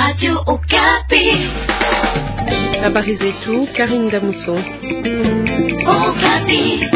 Radio Okapi. Habari zetu Karinda Muso. Okapi.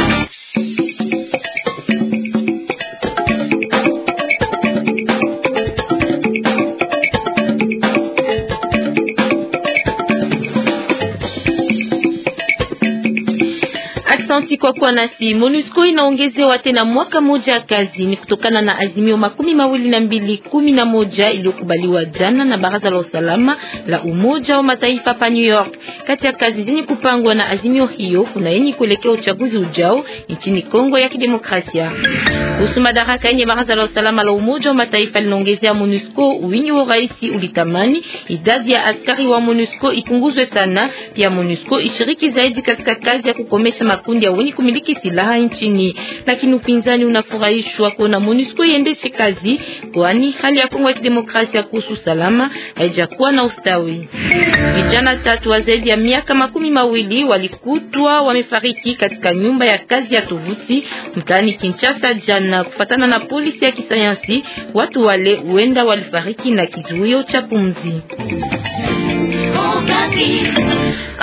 Asanti kwa kuwa nasi. MONUSCO inaongezewa tena mwaka moja ya kazi, ni kutokana na azimio makumi mawili na mbili kumi na moja iliyokubaliwa jana na Baraza la Usalama la Umoja wa Mataifa pa New York. Kati ya kazi zenye kupangwa na azimio hiyo kuna yenye kuelekea uchaguzi ujao nchini Kongo ya Kidemokrasia kuhusu madaraka yenye baraza la usalama la Umoja wa Mataifa linaongezea MONUSCO wingi wa rais ulitamani idadi ya askari wa MONUSCO ipunguzwe sana. Pia MONUSCO ishiriki zaidi katika kazi ya kukomesha makundi ya wenye kumiliki silaha nchini, lakini upinzani unafurahishwa kuona MONUSCO iendeshe kazi, kwani hali ya Kongo ya Kidemokrasia kuhusu salama haijakuwa na ustawi. Vijana tatu wa zaidi ya miaka makumi mawili walikutwa wamefariki katika nyumba ya kazi ya tovuti mtaani Kinshasa jana na kufatana na polisi ya kisayansi, watu wale huenda walifariki na kizuio cha pumzi.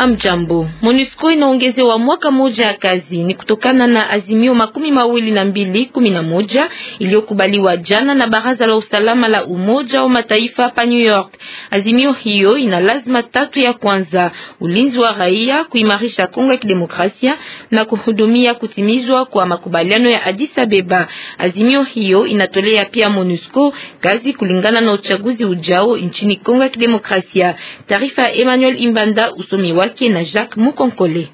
Amjambo. MONUSCO inaongezewa mwaka moja ya kazi ni kutokana na azimio makumi mawili na mbili kumi na moja iliyokubaliwa jana na Baraza la Usalama la Umoja wa Mataifa pa New York. Azimio hiyo ina lazima tatu: ya kwanza, ulinzi wa raia, kuimarisha Kongo ya Kidemokrasia na kuhudumia kutimizwa kwa makubaliano ya Addis Abeba. Azimio hiyo inatolea pia MONUSCO kazi kulingana na uchaguzi ujao nchini Kongo ya Kidemokrasia. Taarifa Emmanuel Imbanda usomi wa Kabake na Jacques Mukonkole.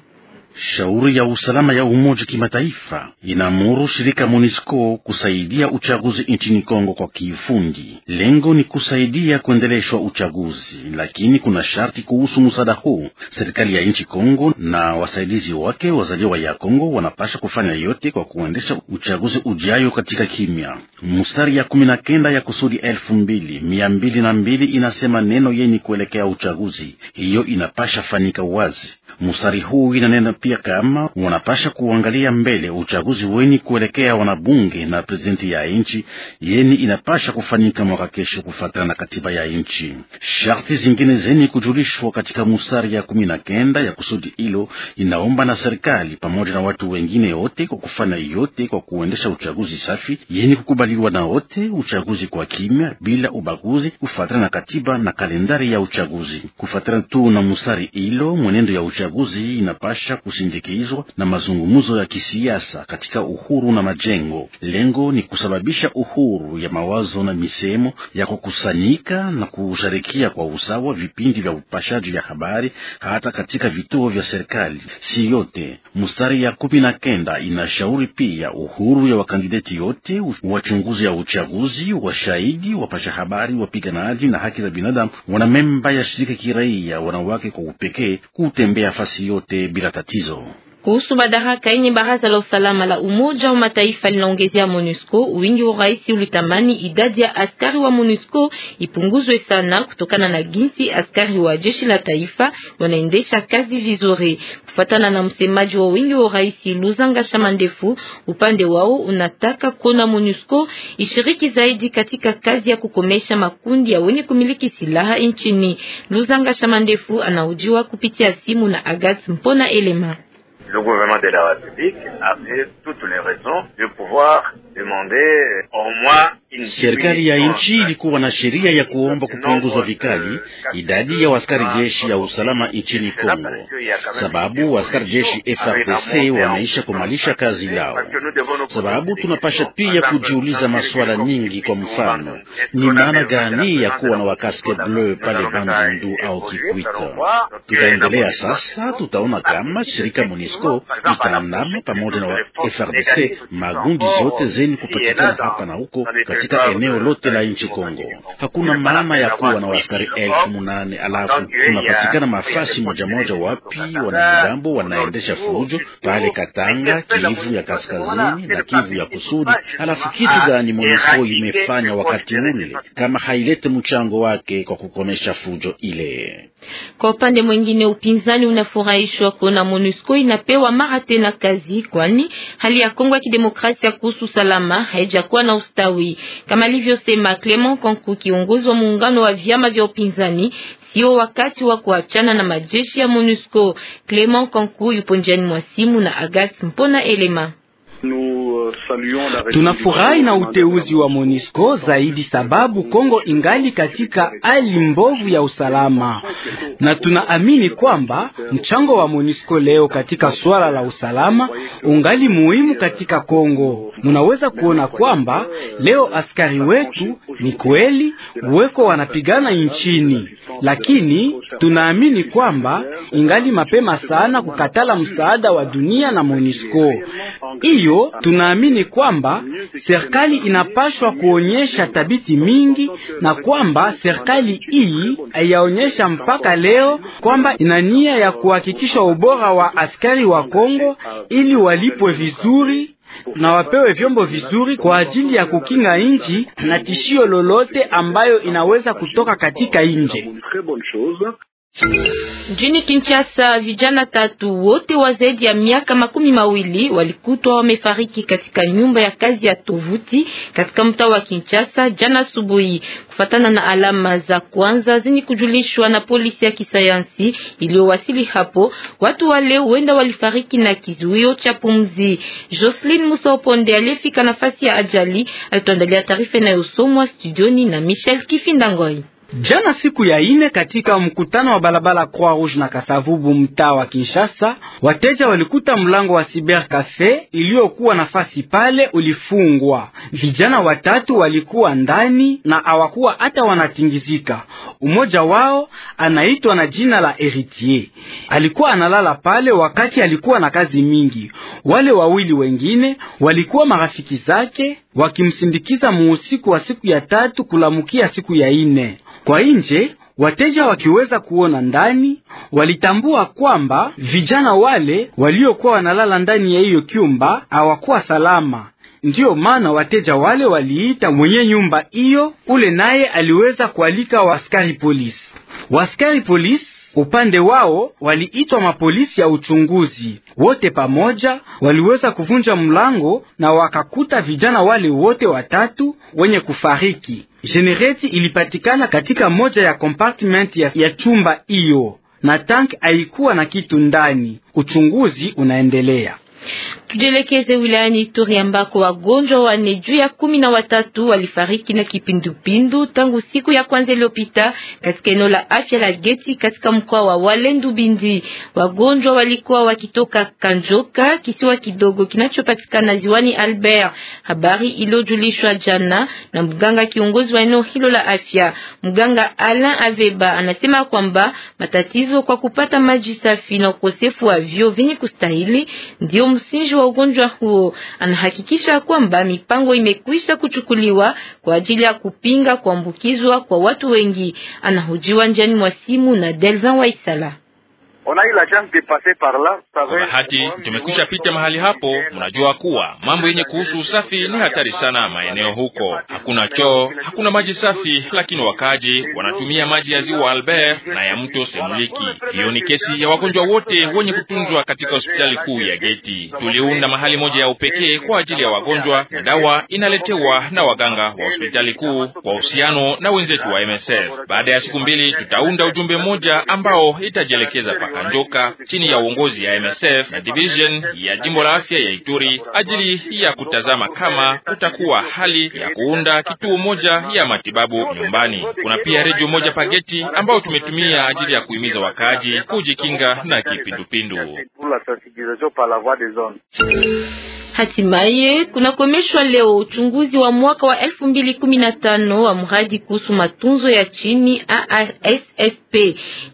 Shauri ya usalama ya Umoja Kimataifa inaamuru shirika MONUSCO kusaidia uchaguzi nchini Kongo kwa kiufundi. Lengo ni kusaidia kuendeleshwa uchaguzi, lakini kuna sharti kuhusu msaada huu. Serikali ya nchi Kongo na wasaidizi wake wazaliwa ya Kongo wanapasha kufanya yote kwa kuendesha uchaguzi ujayo katika kimya. Mstari ya kumi na kenda ya kusudi elfu mbili mia mbili na mbili inasema neno yenye kuelekea uchaguzi hiyo inapasha fanyika wazi musari huu inanena pia kama wanapasha kuangalia mbele uchaguzi weni kuelekea wanabunge na prezidenti ya nchi yeni inapasha kufanyika mwaka kesho kufatana na katiba ya nchi. Sharti zingine zeni kujulishwa katika musari ya kumi na kenda ya kusudi hilo inaomba na serikali pamoja na watu wengine wote kwa kufanya yote kwa kuendesha uchaguzi safi yeni kukubaliwa na wote, uchaguzi kwa kimya bila ubaguzi kufatana na katiba na kalendari ya uchaguzi. Kufatana tu na musari hilo mwenendo ya uchaguzi uchaguzi inapasha kusindikizwa na mazungumzo ya kisiasa katika uhuru na majengo. Lengo ni kusababisha uhuru ya mawazo na misemo ya kukusanyika na kusharikia kwa usawa vipindi vya upashaji ya habari hata katika vituo vya serikali, si yote. Mstari ya kumi na kenda inashauri pia uhuru ya wakandideti yote, wachunguzi ya uchaguzi, washahidi, wapasha habari, wapiganaji na haki za binadamu, wanamemba ya shirika kiraia, wanawake kwa upekee kutembea nafasi yote bila tatizo kuhusu madaraka yenye baraza la usalama la Umoja wa Mataifa linaongezea MONUSCO, wingi wa rais ulitamani idadi ya askari wa MONUSCO ipunguzwe sana kutokana na jinsi askari wa jeshi la taifa wanaendesha kazi vizuri. Kufuatana na msemaji wa wingi wa rais Luzanga Shamandefu, upande wao unataka kuona MONUSCO ishiriki zaidi katika kazi ya kukomesha makundi ya wenye kumiliki silaha nchini. Luzanga Shamandefu anahojiwa kupitia simu na Agathe Mpona Elema. le gouvernement de la République fait toutes les raisons de pouvoir demander au moins Serikali ya nchi ilikuwa na sheria ya kuomba kupunguzwa vikali idadi ya askari jeshi ya usalama nchini Kongo, sababu askari jeshi FRDC wanaisha kumalisha kazi lao. Sababu tunapasha pia kujiuliza maswala nyingi, kwa mfano, ni maana gani ya kuwa na wakaske bleu pale Bandundu au Kikwita? Tutaendelea sasa, tutaona kama shirika MONUSCO itaandama pamoja na FRDC magundi zote zeni kupatikana hapa na huko katika eneo lote la nchi Kongo. Hakuna maana ya kuwa na askari elfu munane alafu kunapatikana mafasi moja moja wapi wanamgambo wanaendesha fujo pale Katanga, Kivu ya kaskazini na Kivu ya kusudi. Alafu kitu gani MONUSCO imefanya wakati ule kama hailete mchango wake kwa kukomesha fujo ile? Kwa upande mwingine, upinzani unafurahishwa kuona MONUSCO inapewa mara tena kazi, kwani hali ya Kongo ya Kidemokrasia kuhusu salama haijakuwa na ustawi kama alivyosema Clement Kanku, kiongozi wa muungano wa vyama vya upinzani. Sio wakati wa kuachana na majeshi ya MONUSCO. Clement Kanku yupo njiani mwa simu na Agat Mpona Elema. Euh, Tunafurahi na uteuzi wa Monisco zaidi sababu Kongo ingali katika hali mbovu ya usalama, na tunaamini kwamba mchango wa Monisco leo katika suala la usalama ungali muhimu katika Kongo. Munaweza kuona kwamba leo askari wetu ni kweli weko wanapigana nchini, lakini tunaamini kwamba ingali mapema sana kukatala msaada wa dunia na Monisco hiyo hiyo tunaamini kwamba serikali inapashwa kuonyesha tabiti mingi na kwamba serikali hii haiyaonyesha mpaka leo kwamba ina nia ya kuhakikisha ubora wa askari wa Kongo ili walipwe vizuri na wapewe vyombo vizuri kwa ajili ya kukinga nchi na tishio lolote ambayo inaweza kutoka katika nje. Mjini Kinshasa vijana tatu wote wa zaidi ya miaka makumi mawili walikutwa wamefariki katika nyumba ya kazi ya tovuti katika mtaa wa Kinshasa jana asubuhi, kufatana na alama za kwanza zenye kujulishwa na polisi ya kisayansi iliyowasili hapo. Watu wale huenda walifariki na kizuio cha pumzi. Jocelyn Musoponde Oponde aliyefika nafasi ya ajali alituandalia taarifa inayosomwa studioni na Michel Kifindangoi. Jana siku ya ine katika mkutano wa balabala Croix Rouge na Kasavubu mtaa wa Kinshasa, wateja walikuta mlango wa Cyber Cafe iliyokuwa nafasi pale ulifungwa. Vijana watatu walikuwa ndani na hawakuwa hata wanatingizika. Umoja wao anaitwa na jina la Heritier, alikuwa analala pale wakati alikuwa na kazi mingi. Wale wawili wengine walikuwa marafiki zake wakimsindikiza muusiku wa siku ya tatu kulamukia siku ya ine. Kwa nje wateja wakiweza kuona ndani, walitambua kwamba vijana wale waliokuwa wanalala ndani ya hiyo kyumba hawakuwa salama. Ndiyo maana wateja wale waliita mwenye nyumba hiyo, ule naye aliweza kualika waskari polisi. Waskari polisi Upande wao waliitwa mapolisi ya uchunguzi. Wote pamoja waliweza kuvunja mlango na wakakuta vijana wale wote watatu wenye kufariki. Jenereti ilipatikana katika moja ya compartment ya, ya chumba hiyo na tank haikuwa na kitu ndani. Uchunguzi unaendelea. Tujelekeze wilayani Ituri ambako wagonjwa wane juu ya kumi na watatu walifariki na kipindupindu tangu siku ya kwanza iliyopita katika eneo la afya la Geti katika mkoa wa Walendu Bindi. Wagonjwa walikuwa wakitoka Kanjoka, kisiwa kidogo kinachopatikana ziwani Albert. Habari iliyojulishwa jana na mganga kiongozi wa eneo hilo la afya. Mganga Alain Aveba anasema kwamba matatizo kwa kupata maji safi na ukosefu wa vyo vyenye kustahili ndio msingi wa ugonjwa huo. Anahakikisha kwamba mipango imekwisha kuchukuliwa kwa ajili ya kupinga kuambukizwa kwa watu wengi. Anahojiwa njiani mwa simu na Delvin Waisala. Kwa bahati tumekwisha pita mahali hapo. Mnajua kuwa mambo yenye kuhusu usafi ni hatari sana maeneo huko, hakuna choo, hakuna maji safi, lakini wakaji wanatumia maji ya ziwa Albert na ya mto Semuliki. Hiyo ni kesi ya wagonjwa wote wenye kutunzwa katika hospitali kuu ya Geti. Tuliunda mahali moja ya upekee kwa ajili ya wagonjwa, na dawa inaletewa na waganga wa hospitali kuu kwa uhusiano na wenzetu wa MSF. Baada ya siku mbili, tutaunda ujumbe mmoja ambao itajielekeza paka na Njoka chini ya uongozi ya MSF na division ya jimbo la afya ya Ituri ajili ya kutazama kama kutakuwa hali ya kuunda kituo moja ya matibabu nyumbani. Kuna pia redio moja Pageti ambayo tumetumia ajili ya kuhimiza wakaaji kujikinga na kipindupindu. Hatimaye kunakomeshwa leo uchunguzi wa mwaka wa 2015 wa mradi kuhusu matunzo ya chini ASSP,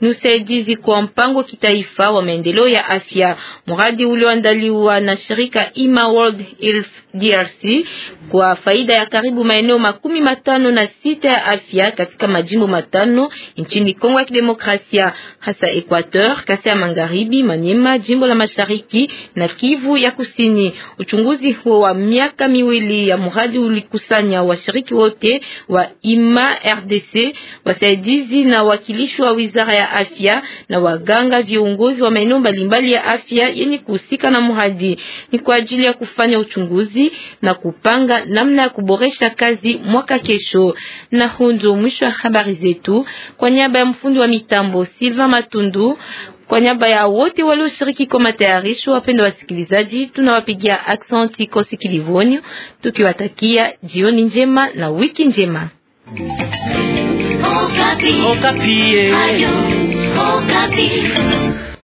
ni usaidizi kwa mpango kitaifa wa maendeleo ya afya. Mradi ulioandaliwa na shirika Ima World Health DRC kwa faida ya karibu maeneo makumi matano na sita ya afya katika majimbo matano nchini Kongo ya Kidemokrasia, hasa Equateur, Kasai ya Magharibi, Manyema, jimbo la Mashariki na Kivu ya Kusini. Uchunguzi Uchunguzi huo wa miaka miwili ya mradi ulikusanya washiriki wote wa IMA RDC, wasaidizi na wakilishi wa wizara ya afya na waganga viongozi wa maeneo mbalimbali ya afya yenye kuhusika na mradi. Ni kwa ajili ya kufanya uchunguzi na kupanga namna ya kuboresha kazi mwaka kesho. Na hundo mwisho wa habari zetu, kwa niaba ya mfundi wa mitambo Silva Matundu. Kwa niaba ya wote walioshiriki kwa matayarisho, wapenda wasikilizaji, tunawapigia aksenti kwa kilivoni, tukiwatakia jioni njema na wiki njema. Okapi. Okapi. Ayo, Okapi.